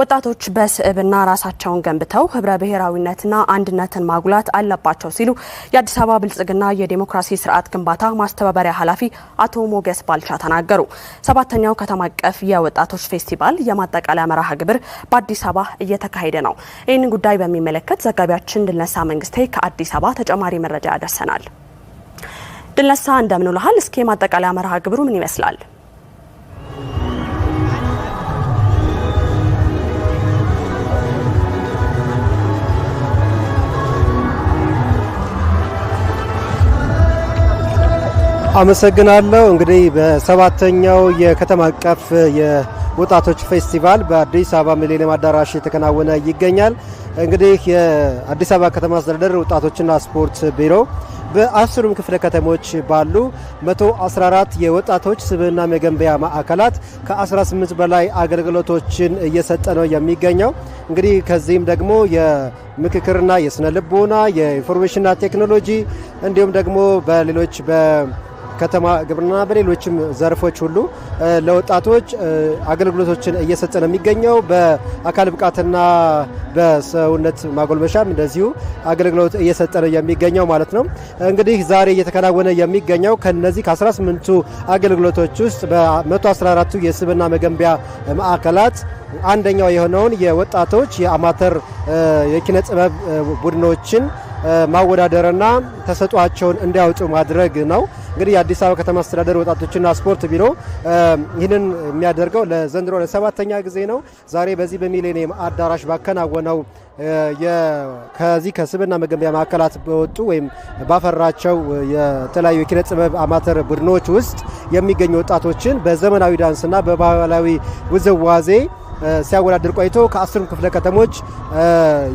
ወጣቶች በስዕብና ራሳቸውን ገንብተው ህብረ ብሔራዊነትና አንድነትን ማጉላት አለባቸው ሲሉ የአዲስ አበባ ብልጽግና የዴሞክራሲ ስርዓት ግንባታ ማስተባበሪያ ኃላፊ አቶ ሞገስ ባልቻ ተናገሩ። ሰባተኛው ከተማ አቀፍ የወጣቶች ፌስቲቫል የማጠቃለያ መርሃ ግብር በአዲስ አበባ እየተካሄደ ነው። ይህንን ጉዳይ በሚመለከት ዘጋቢያችን ድልነሳ መንግስቴ ከአዲስ አበባ ተጨማሪ መረጃ ያደርሰናል። ድልነሳ እንደምንልሃል። እስኪ የማጠቃለያ መርሃ ግብሩ ምን ይመስላል? አመሰግናለሁ። እንግዲህ በሰባተኛው የከተማ አቀፍ የወጣቶች ፌስቲቫል በአዲስ አበባ ሚሊኒየም አዳራሽ የተከናወነ ይገኛል። እንግዲህ የአዲስ አበባ ከተማ አስተዳደር ወጣቶችና ስፖርት ቢሮ በአስሩም ክፍለ ከተሞች ባሉ 114 የወጣቶች ስብዕና መገንቢያ ማዕከላት ከ18 በላይ አገልግሎቶችን እየሰጠ ነው የሚገኘው። እንግዲህ ከዚህም ደግሞ የምክክርና የስነ ልቦና የኢንፎርሜሽንና ቴክኖሎጂ እንዲሁም ደግሞ በሌሎች በ ከተማ ግብርና በሌሎችም ዘርፎች ሁሉ ለወጣቶች አገልግሎቶችን እየሰጠ ነው የሚገኘው። በአካል ብቃትና በሰውነት ማጎልመሻም እንደዚሁ አገልግሎት እየሰጠ ነው የሚገኘው ማለት ነው። እንግዲህ ዛሬ እየተከናወነ የሚገኘው ከነዚህ ከ18ቱ አገልግሎቶች ውስጥ በ114ቱ የስብና መገንቢያ ማዕከላት አንደኛው የሆነውን የወጣቶች የአማተር የኪነ ጥበብ ቡድኖችን ማወዳደርና ተሰጧቸውን እንዲያወጡ ማድረግ ነው። እንግዲህ የአዲስ አበባ ከተማ አስተዳደር ወጣቶችና ስፖርት ቢሮ ይህንን የሚያደርገው ለዘንድሮ ለሰባተኛ ጊዜ ነው። ዛሬ በዚህ በሚሌኒየም አዳራሽ ባከናወነው ከዚህ ከስብና መገንቢያ ማዕከላት በወጡ ወይም ባፈራቸው የተለያዩ የኪነ ጥበብ አማተር ቡድኖች ውስጥ የሚገኙ ወጣቶችን በዘመናዊ ዳንስና በባህላዊ ውዝዋዜ ሲያወዳድር ቆይቶ ከአስሩም ክፍለ ከተሞች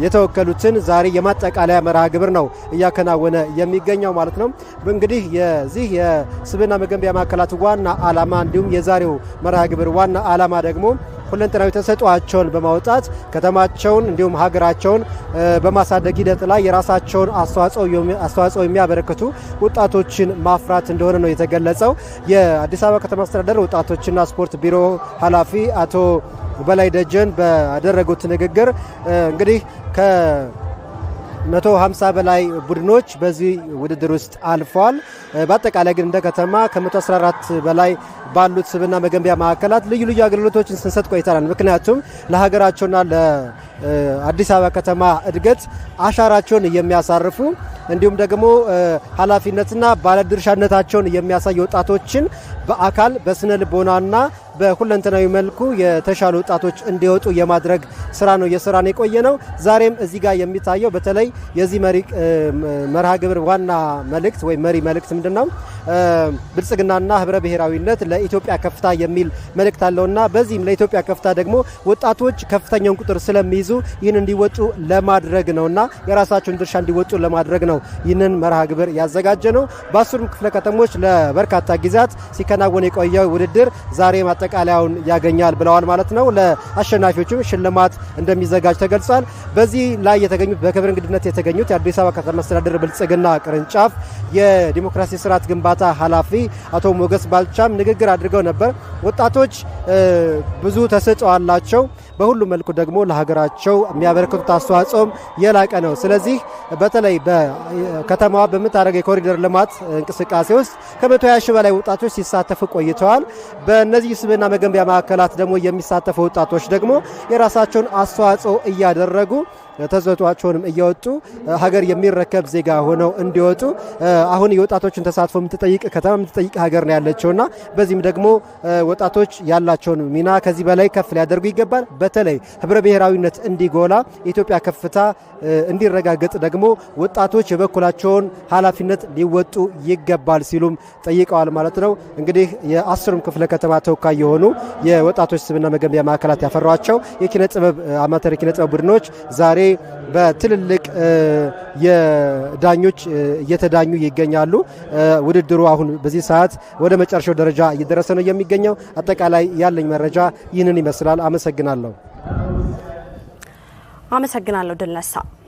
የተወከሉትን ዛሬ የማጠቃለያ መርሃ ግብር ነው እያከናወነ የሚገኘው ማለት ነው። እንግዲህ የዚህ የስብና መገንቢያ ማዕከላት ዋና ዓላማ እንዲሁም የዛሬው መርሃ ግብር ዋና ዓላማ ደግሞ ሁለንተናዊ ተሰጧቸውን በማውጣት ከተማቸውን እንዲሁም ሀገራቸውን በማሳደግ ሂደት ላይ የራሳቸውን አስተዋጽኦ የሚያበረክቱ ወጣቶችን ማፍራት እንደሆነ ነው የተገለጸው። የአዲስ አበባ ከተማ አስተዳደር ወጣቶችና ስፖርት ቢሮ ኃላፊ አቶ በላይ ደጀን ባደረጉት ንግግር እንግዲህ ከ መቶ ሃምሳ በላይ ቡድኖች በዚህ ውድድር ውስጥ አልፈዋል። በአጠቃላይ ግን እንደ ከተማ ከ114 በላይ ባሉት ስብና መገንቢያ ማዕከላት ልዩ ልዩ አገልግሎቶችን ስንሰጥ ቆይተናል። ምክንያቱም ለሀገራቸውና ለአዲስ አበባ ከተማ እድገት አሻራቸውን የሚያሳርፉ እንዲሁም ደግሞ ኃላፊነትና ባለድርሻነታቸውን የሚያሳዩ ወጣቶችን በአካል በስነ ልቦናና በሁለንተናዊ መልኩ የተሻሉ ወጣቶች እንዲወጡ የማድረግ ስራ ነው እየሰራን የቆየ ነው። ዛሬም እዚህ ጋር የሚታየው በተለይ የዚህ መሪ መርሃ ግብር ዋና መልእክት ወይም መሪ መልእክት ምንድን ነው? ብልጽግናና ህብረ ብሔራዊነት ለኢትዮጵያ ከፍታ የሚል መልእክት አለውና በዚህም ለኢትዮጵያ ከፍታ ደግሞ ወጣቶች ከፍተኛውን ቁጥር ስለሚይዙ ይህን እንዲወጡ ለማድረግ ነውና የራሳቸውን ድርሻ እንዲወጡ ለማድረግ ነው ይህንን መርሃ ግብር ያዘጋጀ ነው። በአስሩም ክፍለ ከተሞች ለበርካታ ጊዜያት ሲከናወን የቆየው ውድድር ዛሬ ማጠቃለያውን ያገኛል ብለዋል ማለት ነው። ለአሸናፊዎችም ሽልማት እንደሚዘጋጅ ተገልጿል። በዚህ ላይ የተገኙት በክብር እንግድነት የተገኙት የአዲስ አበባ ከተማ አስተዳደር ብልጽግና ቅርንጫፍ የዲሞክራሲ ስርዓት ግንባታ ግንባታ ኃላፊ አቶ ሞገስ ባልቻም ንግግር አድርገው ነበር። ወጣቶች ብዙ ተሰጥኦ አላቸው። በሁሉም መልኩ ደግሞ ለሀገራቸው የሚያበረክቱት አስተዋጽኦም የላቀ ነው። ስለዚህ በተለይ በከተማዋ በምታደረገ የኮሪደር ልማት እንቅስቃሴ ውስጥ ከመቶ ሃያ ሺህ በላይ ወጣቶች ሲሳተፉ ቆይተዋል። በእነዚህ ስብና መገንቢያ ማዕከላት ደግሞ የሚሳተፉ ወጣቶች ደግሞ የራሳቸውን አስተዋጽኦ እያደረጉ ተሰጥኦአቸውንም እያወጡ ሀገር የሚረከብ ዜጋ ሆነው እንዲወጡ አሁን የወጣቶችን ተሳትፎ የምትጠይቅ ከተማ የምትጠይቅ ሀገር ነው ያለችውና በዚህም ደግሞ ወጣቶች ያላቸውን ሚና ከዚህ በላይ ከፍ ሊያደርጉ ይገባል። በተለይ ህብረ ብሔራዊነት እንዲጎላ የኢትዮጵያ ከፍታ እንዲረጋገጥ ደግሞ ወጣቶች የበኩላቸውን ኃላፊነት ሊወጡ ይገባል ሲሉም ጠይቀዋል ማለት ነው። እንግዲህ የአስሩም ክፍለ ከተማ ተወካይ የሆኑ የወጣቶች ስብና መገንቢያ ማዕከላት ያፈሯቸው የኪነ ጥበብ አማተር የኪነ ጥበብ ቡድኖች ዛሬ በትልልቅ የዳኞች እየተዳኙ ይገኛሉ። ውድድሩ አሁን በዚህ ሰዓት ወደ መጨረሻው ደረጃ እየደረሰ ነው የሚገኘው። አጠቃላይ ያለኝ መረጃ ይህንን ይመስላል። አመሰግናለሁ። አመሰግናለሁ ድልነሳ